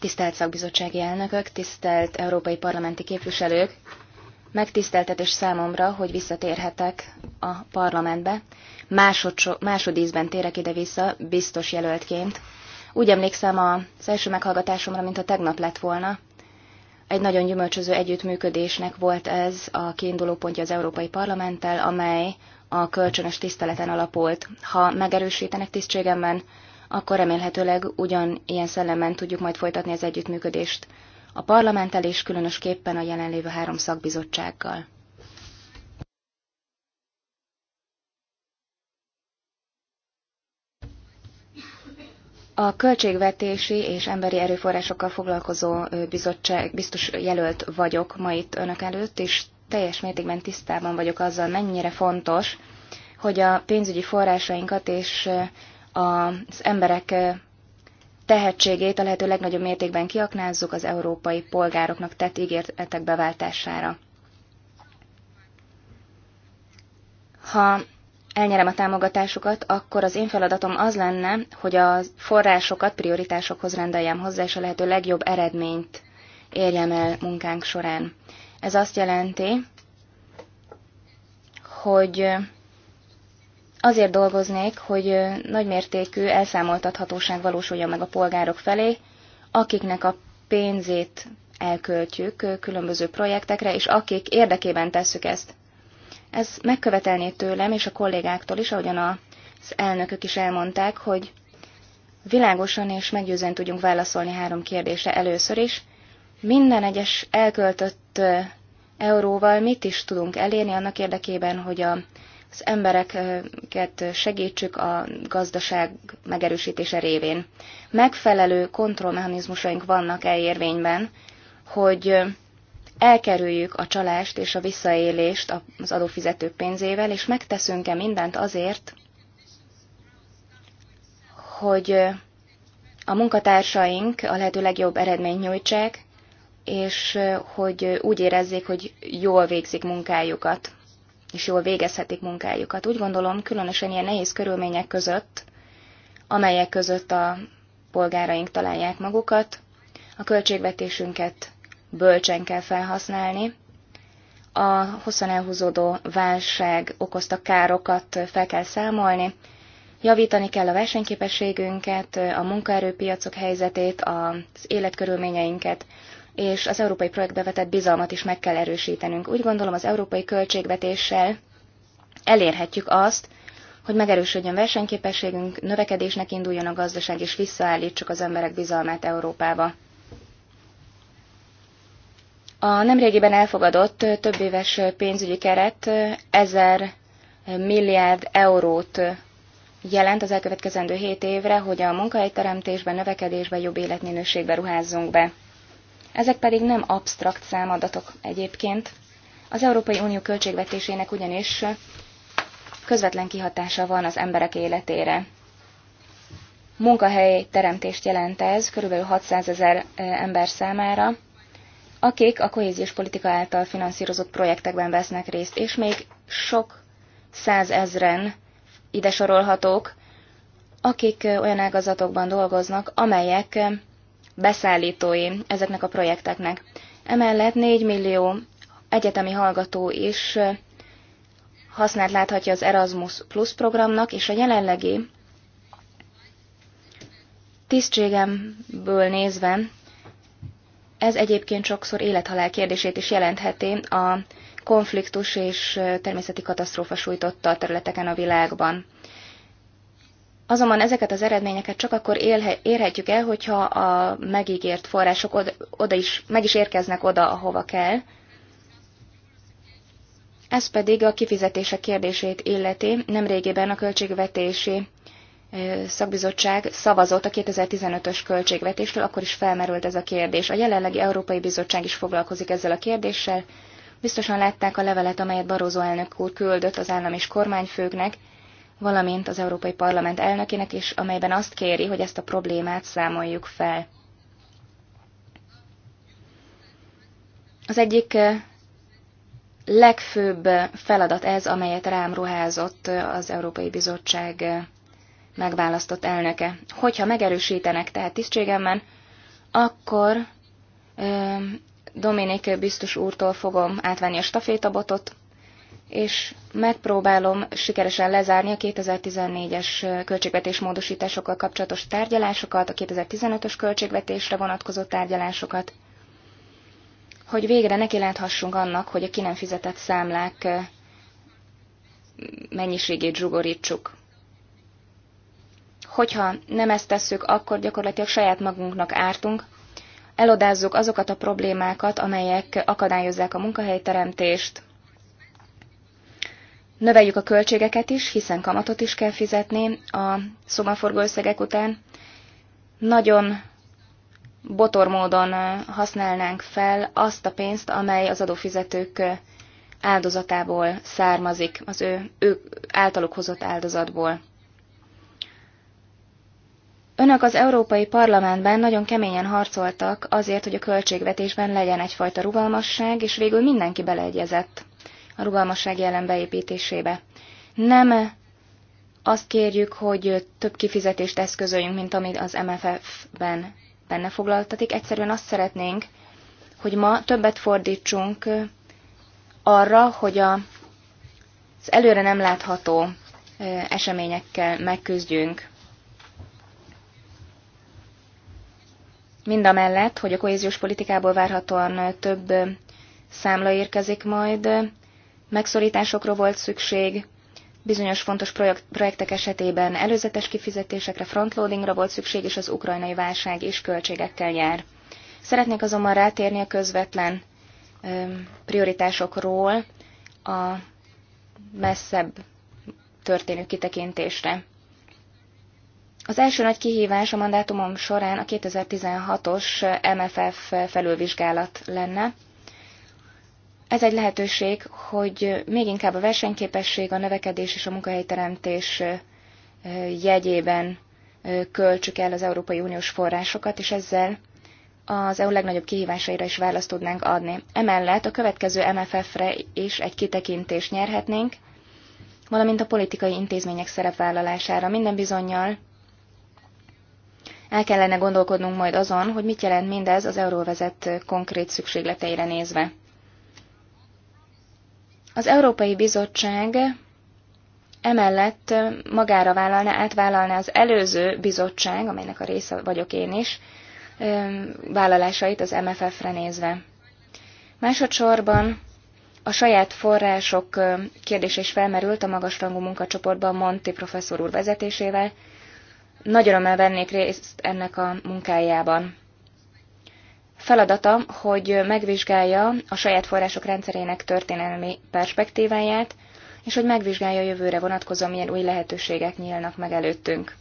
Tisztelt szakbizottsági elnökök, tisztelt európai parlamenti képviselők! Megtiszteltetés számomra, hogy visszatérhetek a parlamentbe. Másod, másodízben térek ide-vissza, biztos jelöltként. Úgy emlékszem az első meghallgatásomra, mint a tegnap lett volna. Egy nagyon gyümölcsöző együttműködésnek volt ez a kiinduló pontja az Európai Parlamenttel, amely a kölcsönös tiszteleten alapult. Ha megerősítenek tisztségemben, akkor remélhetőleg ugyan ilyen szellemen tudjuk majd folytatni az együttműködést a parlamenttel és különösképpen a jelenlévő három szakbizottsággal. A költségvetési és emberi erőforrásokkal foglalkozó bizottság biztos jelölt vagyok ma itt önök előtt, és teljes mértékben tisztában vagyok azzal, mennyire fontos, hogy a pénzügyi forrásainkat és az emberek tehetségét a lehető legnagyobb mértékben kiaknázzuk az európai polgároknak tett ígéretek beváltására. Ha elnyerem a támogatásukat, akkor az én feladatom az lenne, hogy a forrásokat prioritásokhoz rendeljem hozzá, és a lehető legjobb eredményt érjem el munkánk során. Ez azt jelenti, hogy azért dolgoznék, hogy nagymértékű elszámoltathatóság valósuljon meg a polgárok felé, akiknek a pénzét elköltjük különböző projektekre, és akik érdekében tesszük ezt. Ez megkövetelné tőlem és a kollégáktól is, ahogyan az elnökök is elmondták, hogy világosan és meggyőzően tudjunk válaszolni három kérdésre először is. Minden egyes elköltött euróval mit is tudunk elérni annak érdekében, hogy a az embereket segítsük a gazdaság megerősítése révén. Megfelelő kontrollmechanizmusaink vannak-e érvényben, hogy elkerüljük a csalást és a visszaélést az adófizetők pénzével, és megteszünk-e mindent azért, hogy a munkatársaink a lehető legjobb eredményt nyújtsák, és hogy úgy érezzék, hogy jól végzik munkájukat és jól végezhetik munkájukat. Úgy gondolom, különösen ilyen nehéz körülmények között, amelyek között a polgáraink találják magukat, a költségvetésünket bölcsen kell felhasználni, a hosszan elhúzódó válság okozta károkat fel kell számolni, javítani kell a versenyképességünket, a munkaerőpiacok helyzetét, az életkörülményeinket, és az európai projektbe vetett bizalmat is meg kell erősítenünk. Úgy gondolom az európai költségvetéssel elérhetjük azt, hogy megerősödjön versenyképességünk, növekedésnek induljon a gazdaság, és visszaállítsuk az emberek bizalmát Európába. A nemrégiben elfogadott több éves pénzügyi keret 1000 milliárd eurót jelent az elkövetkezendő 7 évre, hogy a munkahelyteremtésben, növekedésben, jobb életminőségben ruházzunk be. Ezek pedig nem absztrakt számadatok egyébként. Az Európai Unió költségvetésének ugyanis közvetlen kihatása van az emberek életére. Munkahelyi teremtést jelent ez kb. 600 ezer ember számára, akik a kohéziós politika által finanszírozott projektekben vesznek részt, és még sok százezren ide sorolhatók, akik olyan ágazatokban dolgoznak, amelyek beszállítói ezeknek a projekteknek. Emellett 4 millió egyetemi hallgató is hasznát láthatja az Erasmus Plus programnak, és a jelenlegi tisztségemből nézve ez egyébként sokszor élethalál kérdését is jelentheti a konfliktus és természeti katasztrófa sújtotta a területeken a világban. Azonban ezeket az eredményeket csak akkor érhetjük el, hogyha a megígért források oda, oda is, meg is érkeznek oda, ahova kell. Ez pedig a kifizetések kérdését illeti. Nemrégében a költségvetési szakbizottság szavazott a 2015-ös költségvetésről, akkor is felmerült ez a kérdés. A jelenlegi Európai Bizottság is foglalkozik ezzel a kérdéssel. Biztosan látták a levelet, amelyet Barózó elnök úr küldött az állam és kormányfőknek, valamint az Európai Parlament elnökének is, amelyben azt kéri, hogy ezt a problémát számoljuk fel. Az egyik eh, legfőbb feladat ez, amelyet rám ruházott eh, az Európai Bizottság eh, megválasztott elnöke. Hogyha megerősítenek tehát tisztségemben, akkor Dominik biztos úrtól fogom átvenni a stafétabotot, és megpróbálom sikeresen lezárni a 2014-es költségvetés módosításokkal kapcsolatos tárgyalásokat, a 2015-ös költségvetésre vonatkozó tárgyalásokat, hogy végre neki láthassunk annak, hogy a ki nem fizetett számlák mennyiségét zsugorítsuk. Hogyha nem ezt tesszük, akkor gyakorlatilag saját magunknak ártunk, elodázzuk azokat a problémákat, amelyek akadályozzák a munkahelyteremtést, Növeljük a költségeket is, hiszen kamatot is kell fizetni a szomaforgó összegek után. Nagyon botor módon használnánk fel azt a pénzt, amely az adófizetők áldozatából származik, az ő, ő általuk hozott áldozatból. Önök az Európai Parlamentben nagyon keményen harcoltak azért, hogy a költségvetésben legyen egyfajta rugalmasság, és végül mindenki beleegyezett a rugalmasság jelen beépítésébe. Nem azt kérjük, hogy több kifizetést eszközöljünk, mint amit az MFF-ben benne foglaltatik. Egyszerűen azt szeretnénk, hogy ma többet fordítsunk arra, hogy a, az előre nem látható eseményekkel megküzdjünk. Mind a mellett, hogy a kohéziós politikából várhatóan több számla érkezik majd, megszorításokra volt szükség, bizonyos fontos projektek esetében előzetes kifizetésekre, frontloadingra volt szükség, és az ukrajnai válság is költségekkel jár. Szeretnék azonban rátérni a közvetlen prioritásokról a messzebb történő kitekintésre. Az első nagy kihívás a mandátumom során a 2016-os MFF felülvizsgálat lenne, ez egy lehetőség, hogy még inkább a versenyképesség, a növekedés és a munkahelyteremtés jegyében költsük el az Európai Uniós forrásokat, és ezzel az EU legnagyobb kihívásaira is választ tudnánk adni. Emellett a következő MFF-re is egy kitekintést nyerhetnénk, valamint a politikai intézmények szerepvállalására. Minden bizonyal el kellene gondolkodnunk majd azon, hogy mit jelent mindez az euróvezet konkrét szükségleteire nézve. Az Európai Bizottság emellett magára vállalná, átvállalná az előző bizottság, amelynek a része vagyok én is, vállalásait az MFF-re nézve. Másodszorban a saját források kérdés is felmerült a magasrangú munkacsoportban Monti professzor úr vezetésével. Nagy örömmel vennék részt ennek a munkájában feladata, hogy megvizsgálja a saját források rendszerének történelmi perspektíváját, és hogy megvizsgálja a jövőre vonatkozó milyen új lehetőségek nyílnak meg előttünk.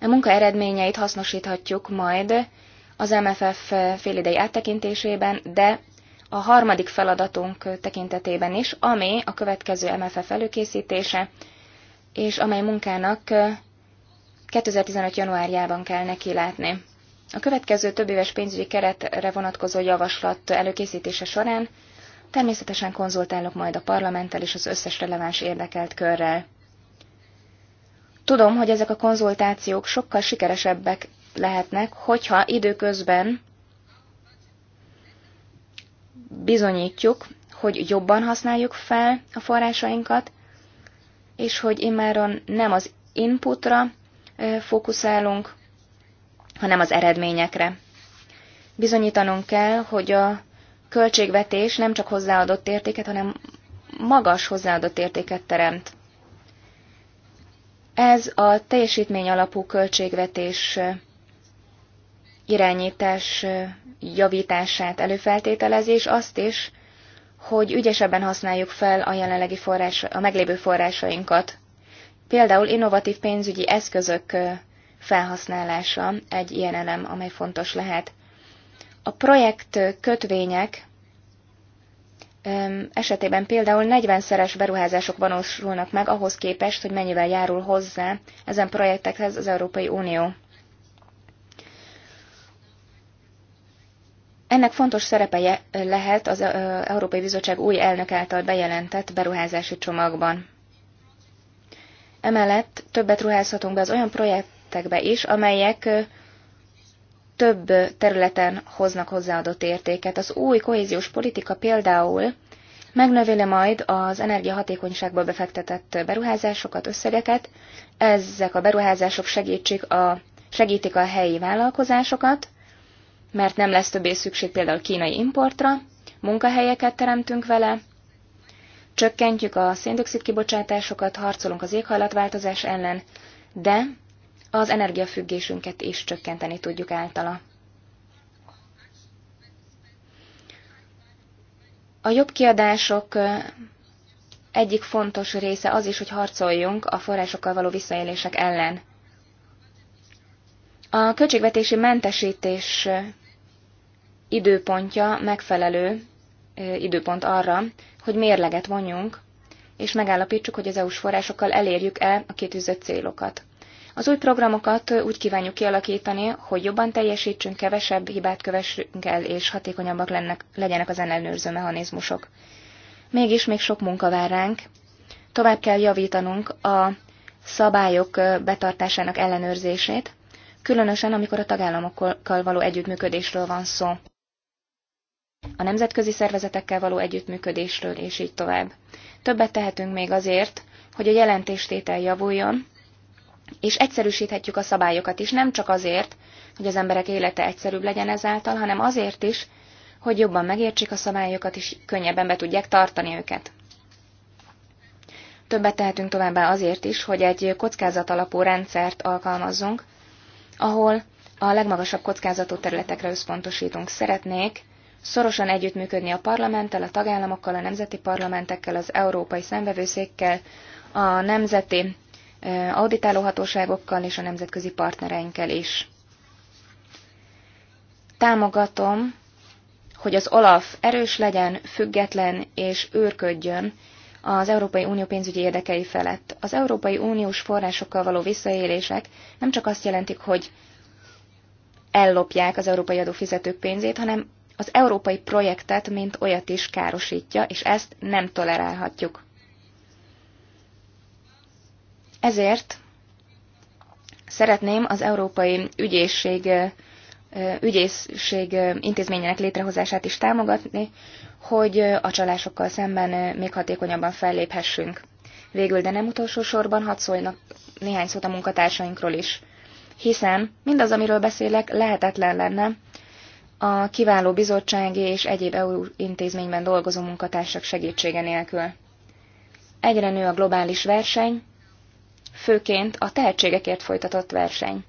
A munka eredményeit hasznosíthatjuk majd az MFF félidei áttekintésében, de a harmadik feladatunk tekintetében is, ami a következő MFF előkészítése, és amely munkának 2015. januárjában kell neki látni. A következő több éves pénzügyi keretre vonatkozó javaslat előkészítése során természetesen konzultálok majd a parlamenttel és az összes releváns érdekelt körrel. Tudom, hogy ezek a konzultációk sokkal sikeresebbek lehetnek, hogyha időközben bizonyítjuk, hogy jobban használjuk fel a forrásainkat, és hogy immáron nem az inputra eh, fókuszálunk, hanem az eredményekre. Bizonyítanunk kell, hogy a költségvetés nem csak hozzáadott értéket, hanem magas hozzáadott értéket teremt. Ez a teljesítmény alapú költségvetés irányítás javítását előfeltételezi, és azt is, hogy ügyesebben használjuk fel a jelenlegi forrás, a meglévő forrásainkat. Például innovatív pénzügyi eszközök felhasználása egy ilyen elem, amely fontos lehet. A projekt kötvények esetében például 40-szeres beruházások valósulnak meg ahhoz képest, hogy mennyivel járul hozzá ezen projektekhez az Európai Unió. Ennek fontos szerepe lehet az Európai Bizottság új elnök által bejelentett beruházási csomagban. Emellett többet ruházhatunk be az olyan projekt, területekbe is, amelyek több területen hoznak hozzáadott értéket. Az új kohéziós politika például megnöveli majd az energiahatékonyságba befektetett beruházásokat, összegeket, ezek a beruházások segítsik a, segítik a helyi vállalkozásokat, mert nem lesz többé szükség például kínai importra, munkahelyeket teremtünk vele, csökkentjük a széndiokszid kibocsátásokat, harcolunk az éghajlatváltozás ellen, de az energiafüggésünket is csökkenteni tudjuk általa. A jobb kiadások egyik fontos része az is, hogy harcoljunk a forrásokkal való visszaélések ellen. A költségvetési mentesítés időpontja megfelelő időpont arra, hogy mérleget vonjunk, és megállapítsuk, hogy az EU-s forrásokkal elérjük-e a kitűzött célokat. Az új programokat úgy kívánjuk kialakítani, hogy jobban teljesítsünk, kevesebb hibát kövessünk el, és hatékonyabbak lennek, legyenek az ellenőrző mechanizmusok. Mégis még sok munka vár ránk. Tovább kell javítanunk a szabályok betartásának ellenőrzését, különösen amikor a tagállamokkal való együttműködésről van szó. A nemzetközi szervezetekkel való együttműködésről, és így tovább. Többet tehetünk még azért, hogy a jelentéstétel javuljon, és egyszerűsíthetjük a szabályokat is, nem csak azért, hogy az emberek élete egyszerűbb legyen ezáltal, hanem azért is, hogy jobban megértsék a szabályokat, és könnyebben be tudják tartani őket. Többet tehetünk továbbá azért is, hogy egy kockázat alapú rendszert alkalmazzunk, ahol a legmagasabb kockázatú területekre összpontosítunk. Szeretnék szorosan együttműködni a parlamenttel, a tagállamokkal, a nemzeti parlamentekkel, az európai szembevőszékkel, a nemzeti auditáló hatóságokkal és a nemzetközi partnereinkkel is. Támogatom, hogy az OLAF erős legyen, független és őrködjön az Európai Unió pénzügyi érdekei felett. Az Európai Uniós forrásokkal való visszaélések nem csak azt jelentik, hogy ellopják az európai adófizetők pénzét, hanem az európai projektet, mint olyat is károsítja, és ezt nem tolerálhatjuk. Ezért szeretném az Európai Ügyészség, Ügyészség intézményének létrehozását is támogatni, hogy a csalásokkal szemben még hatékonyabban felléphessünk. Végül, de nem utolsó sorban, hadd szólnak néhány szót a munkatársainkról is. Hiszen mindaz, amiről beszélek, lehetetlen lenne a kiváló bizottsági és egyéb EU intézményben dolgozó munkatársak segítsége nélkül. Egyre nő a globális verseny, főként a tehetségekért folytatott verseny.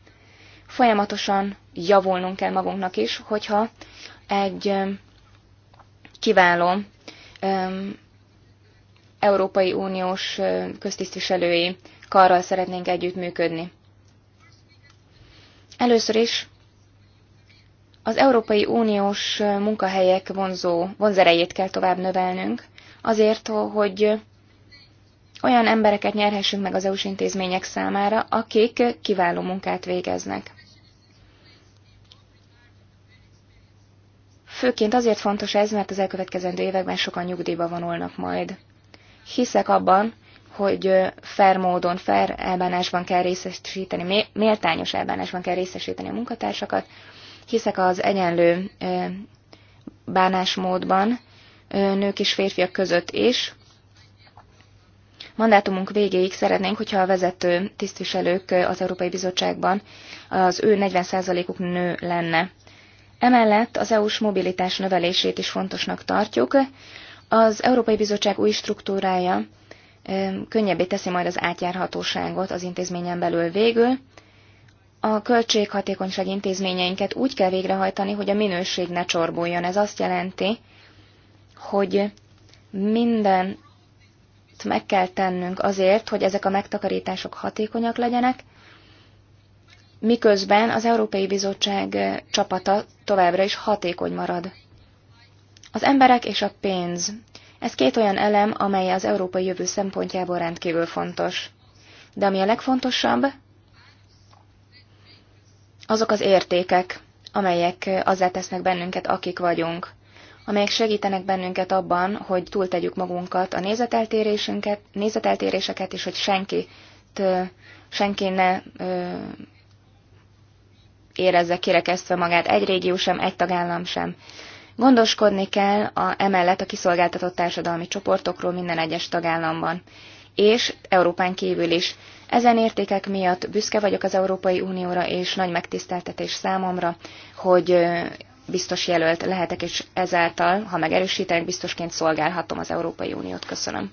Folyamatosan javulnunk kell magunknak is, hogyha egy kiváló Európai Uniós köztisztviselői karral szeretnénk együttműködni. Először is az Európai Uniós munkahelyek vonzó vonzerejét kell tovább növelnünk, azért, hogy olyan embereket nyerhessünk meg az EU-s intézmények számára, akik kiváló munkát végeznek. Főként azért fontos ez, mert az elkövetkezendő években sokan nyugdíjba vonulnak majd. Hiszek abban, hogy fair módon, fair elbánásban kell részesíteni, méltányos elbánásban kell részesíteni a munkatársakat. Hiszek az egyenlő bánásmódban, nők és férfiak között is, mandátumunk végéig szeretnénk, hogyha a vezető tisztviselők az Európai Bizottságban az ő 40%-uk nő lenne. Emellett az EU-s mobilitás növelését is fontosnak tartjuk. Az Európai Bizottság új struktúrája könnyebbé teszi majd az átjárhatóságot az intézményen belül végül. A költséghatékonyság intézményeinket úgy kell végrehajtani, hogy a minőség ne csorbuljon. Ez azt jelenti, hogy minden mindent meg kell tennünk azért, hogy ezek a megtakarítások hatékonyak legyenek, miközben az Európai Bizottság eh, csapata továbbra is hatékony marad. Az emberek és a pénz. Ez két olyan elem, amely az európai jövő szempontjából rendkívül fontos. De ami a legfontosabb, azok az értékek, amelyek eh, azzá tesznek bennünket, akik vagyunk amelyek segítenek bennünket abban, hogy túltegyük magunkat a nézeteltérésünket, nézeteltéréseket, és hogy senkit, senki ne ö, érezze kirekesztve magát, egy régió sem, egy tagállam sem. Gondoskodni kell a, emellett a kiszolgáltatott társadalmi csoportokról minden egyes tagállamban, és Európán kívül is. Ezen értékek miatt büszke vagyok az Európai Unióra, és nagy megtiszteltetés számomra, hogy biztos jelölt lehetek, és ezáltal, ha megerősítenek, biztosként szolgálhatom az Európai Uniót. Köszönöm.